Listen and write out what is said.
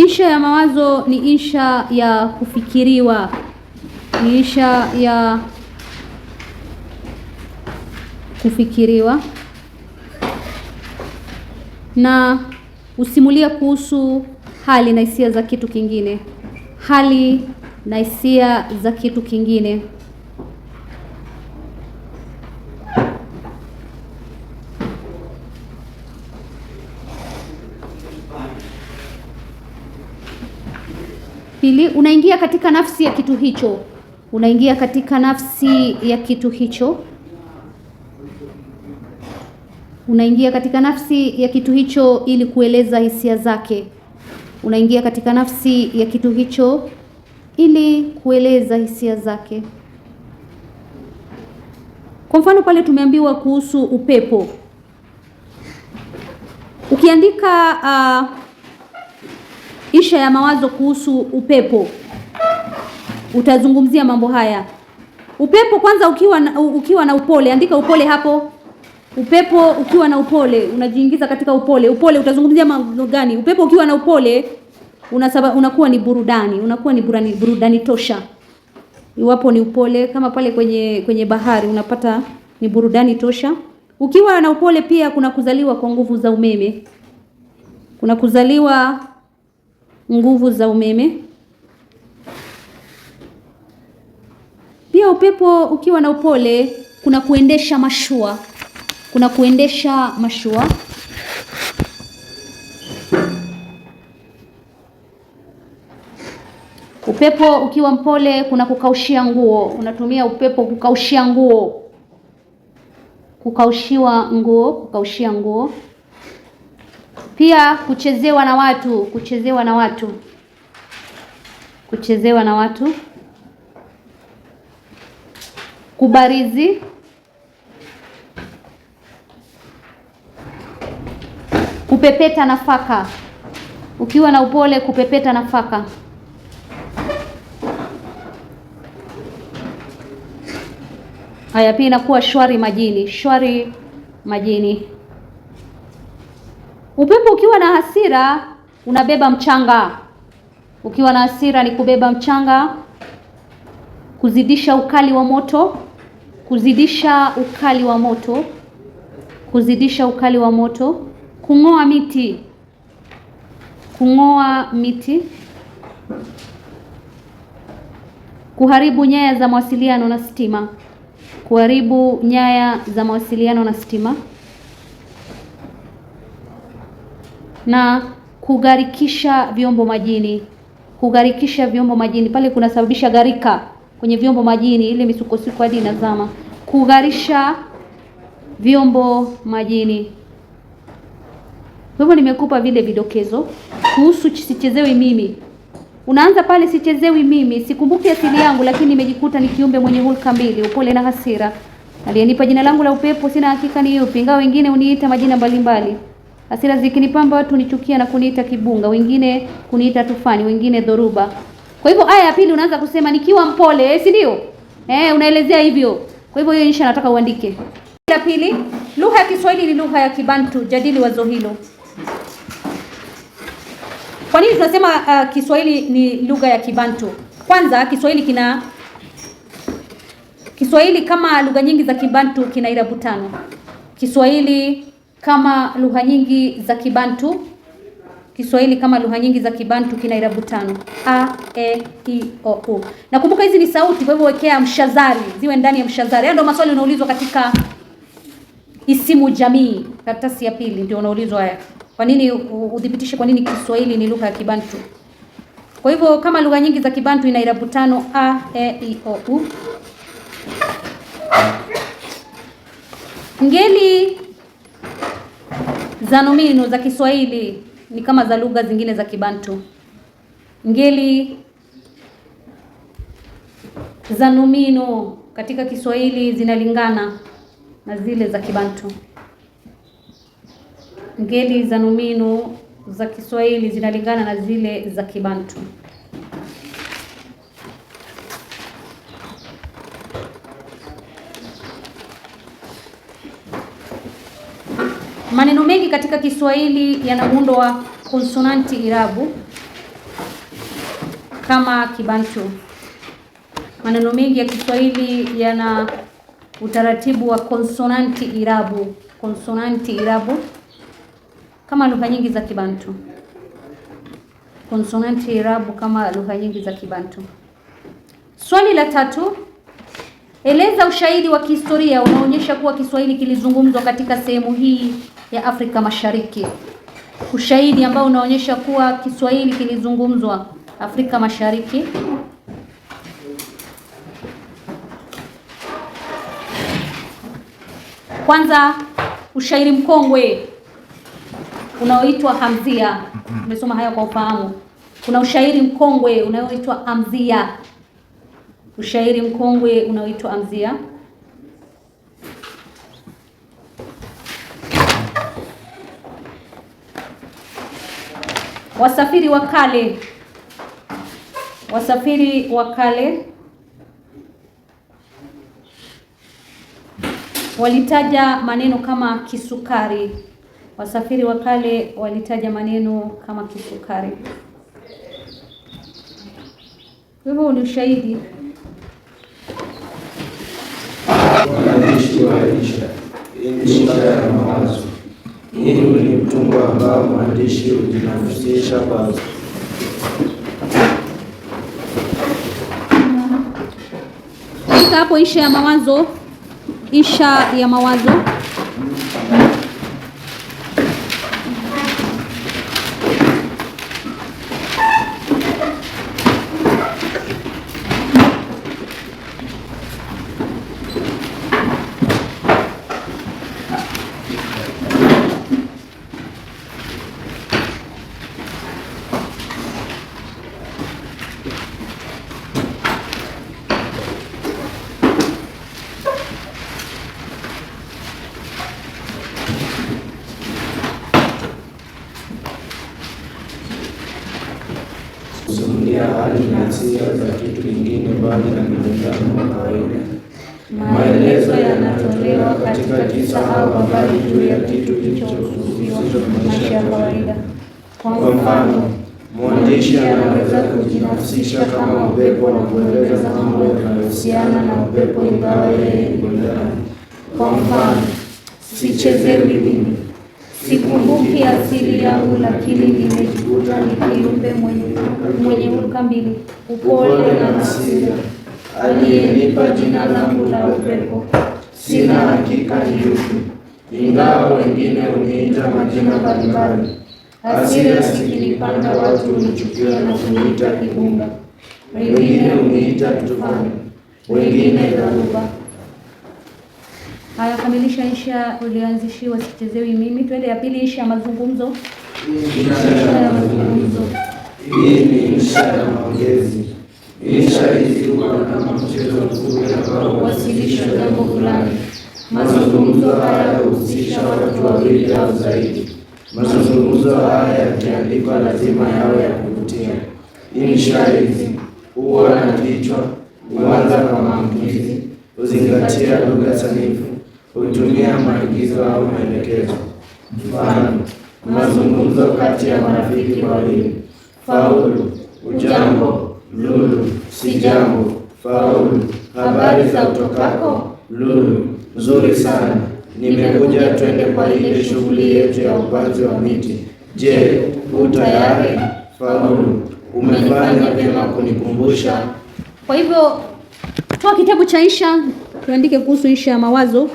Insha ya mawazo ni insha ya kufikiriwa, ni insha ya kufikiriwa na usimulia kuhusu hali na hisia za kitu kingine, hali na hisia za kitu kingine. pili, unaingia katika nafsi ya kitu hicho, unaingia katika nafsi ya kitu hicho, unaingia katika nafsi ya kitu hicho ili kueleza hisia zake, unaingia katika nafsi ya kitu hicho ili kueleza hisia zake. Kwa mfano pale tumeambiwa kuhusu upepo, ukiandika uh, isha ya mawazo kuhusu upepo, utazungumzia mambo haya. Upepo kwanza, ukiwa na, ukiwa na upole, andika upole hapo. Upepo ukiwa na upole, unajiingiza katika upole. Upole utazungumzia mambo gani? Upepo ukiwa na upole unasaba, unakuwa ni burudani, unakuwa ni burudani, burudani tosha, iwapo ni upole kama pale kwenye kwenye bahari, unapata ni burudani tosha. Ukiwa na upole pia kuna kuzaliwa kwa nguvu za umeme, kuna kuzaliwa nguvu za umeme. Pia upepo ukiwa na upole, kuna kuendesha mashua, kuna kuendesha mashua. Upepo ukiwa mpole, kuna kukaushia nguo, unatumia upepo kukaushia nguo, kukaushiwa nguo, kukaushia nguo. Pia kuchezewa na watu, kuchezewa na watu, kuchezewa na watu, kubarizi, kupepeta nafaka, ukiwa na upole, kupepeta nafaka Haya, pia inakuwa shwari majini, shwari majini. Upepo ukiwa na hasira unabeba mchanga. Ukiwa na hasira ni kubeba mchanga, kuzidisha ukali wa moto, kuzidisha ukali wa moto, kuzidisha ukali wa moto, kung'oa miti, kung'oa miti, kuharibu nyaya za mawasiliano na stima, kuharibu nyaya za mawasiliano na stima. na kugharikisha vyombo majini. Kugharikisha vyombo majini pale kunasababisha gharika kwenye vyombo majini, ile misukosuko hadi inazama. Kugharisha vyombo majini. Kwa hivyo nimekupa vile vidokezo kuhusu sichezewi mimi. Unaanza pale, sichezewi mimi, sikumbuki asili yangu, lakini nimejikuta ni kiumbe mwenye hulka mbili, upole na hasira. Aliyenipa jina langu la upepo, sina hakika ni yupi, ingawa wengine uniita majina mbalimbali. mbali. Hasira zikinipamba watu nichukia na kuniita kibunga, wengine kuniita tufani, wengine dhoruba. Kwa hivyo aya ya pili unaanza kusema nikiwa mpole, eh, si ndio? Eh, unaelezea hivyo. Kwa hivyo hiyo insha nataka uandike. Ya pili, lugha ya Kiswahili ni lugha ya Kibantu, jadili wazo hilo. Kwa nini tunasema uh, Kiswahili ni lugha ya Kibantu? Kwanza Kiswahili kina Kiswahili kama lugha nyingi za Kibantu kina irabu tano. Kiswahili kama lugha nyingi za Kibantu. Kiswahili kama lugha nyingi za Kibantu kina irabu tano: a, e, i, o, u. Nakumbuka hizi ni sauti, kwa hivyo wekea mshazari, ziwe ndani ya mshazari. Hayo ndio maswali unaulizwa katika isimu jamii, karatasi ya pili ndio unaulizwa haya. Kwa nini udhibitishe, kwa nini Kiswahili ni lugha ya Kibantu? Kwa hivyo kama lugha nyingi za Kibantu ina irabu tano: a, e, i, o, u. Ngeli za Zanumino za Kiswahili ni kama za lugha zingine za Kibantu. Ngeli za zanumino katika Kiswahili zinalingana na zile za Kibantu. Ngeli za zanumino za Kiswahili zinalingana na zile za Kibantu. Maneno mengi katika Kiswahili yana muundo wa konsonanti irabu kama Kibantu. Maneno mengi ya Kiswahili yana utaratibu wa konsonanti irabu, konsonanti irabu kama lugha nyingi za Kibantu, konsonanti irabu kama lugha nyingi za Kibantu. Swali la tatu, eleza ushahidi wa kihistoria unaonyesha kuwa Kiswahili kilizungumzwa katika sehemu hii ya Afrika Mashariki, ushahidi ambao unaonyesha kuwa Kiswahili kilizungumzwa Afrika Mashariki. Kwanza, ushairi mkongwe unaoitwa Hamzia. umesoma haya kwa ufahamu. Kuna ushairi mkongwe unaoitwa Hamzia, ushairi mkongwe unaoitwa Hamzia. Wasafiri wa kale, wasafiri wa kale walitaja maneno kama kisukari. Wasafiri wa kale walitaja maneno kama kisukari. Hivyo ni ushahidi nchi ya mawazo Elimu ni mtungo ambao mwandishi hujinafsisha kwazo. Fika hapo, insha ya mawazo, insha ya mawazo ya hali na hisia za kitu kingine mbali na mlingano wa kawaida. Maelezo yanatolewa katika kisa au habari juu ya kitu kilichokusudiwa maisha ya kawaida. Kwa mfano, mwandishi anaweza kujinafsisha kama upepo na kueleza mambo yanayohusiana na upepo, ingawa yeye ni mwanadamu. Kwa mfano, sichezewi mimi Sikumbuki asili yangu, lakini nimejikuta ni kiumbe mwenye hulka mbili, upole na hasira, aliyenipa jina langu la upepo. Sina hakika yupi, ingawa wengine huniita majina mbalimbali. Hasira zikinipanda, watu hunichukia na kuniita kibunga, wengine huniita tufani, wengine dharuba Haya, kamilisha isha ulianzishiwa, sichezewi mimi. Twende ya pili, isha ya mazungumzo. Isha ya mazungumzo hii ni isha ya maongezi. Isha hizi huwa na mchezo mzuri ambao huwasilisha jambo fulani. Mazungumzo haya huhusisha watu wawili au zaidi. Mazungumzo haya yakiandikwa, lazima yawe ya kuvutia. Insha hizi huwa na kichwa, huanza kwa maamkizi, huzingatia lugha sanifu hutumia maagizo au maelekezo. Mfano, mazungumzo kati ya marafiki wawili, faulu, ujambo, lulu, si jambo, faulu, habari za utokako, lulu, nzuri sana, nimekuja twende kwa ile shughuli yetu ya upanzi wa miti. Je, u tayari? Faulu, umefanya vyema kunikumbusha. Kwa hivyo toa kitabu cha insha tuandike kuhusu insha ya mawazo.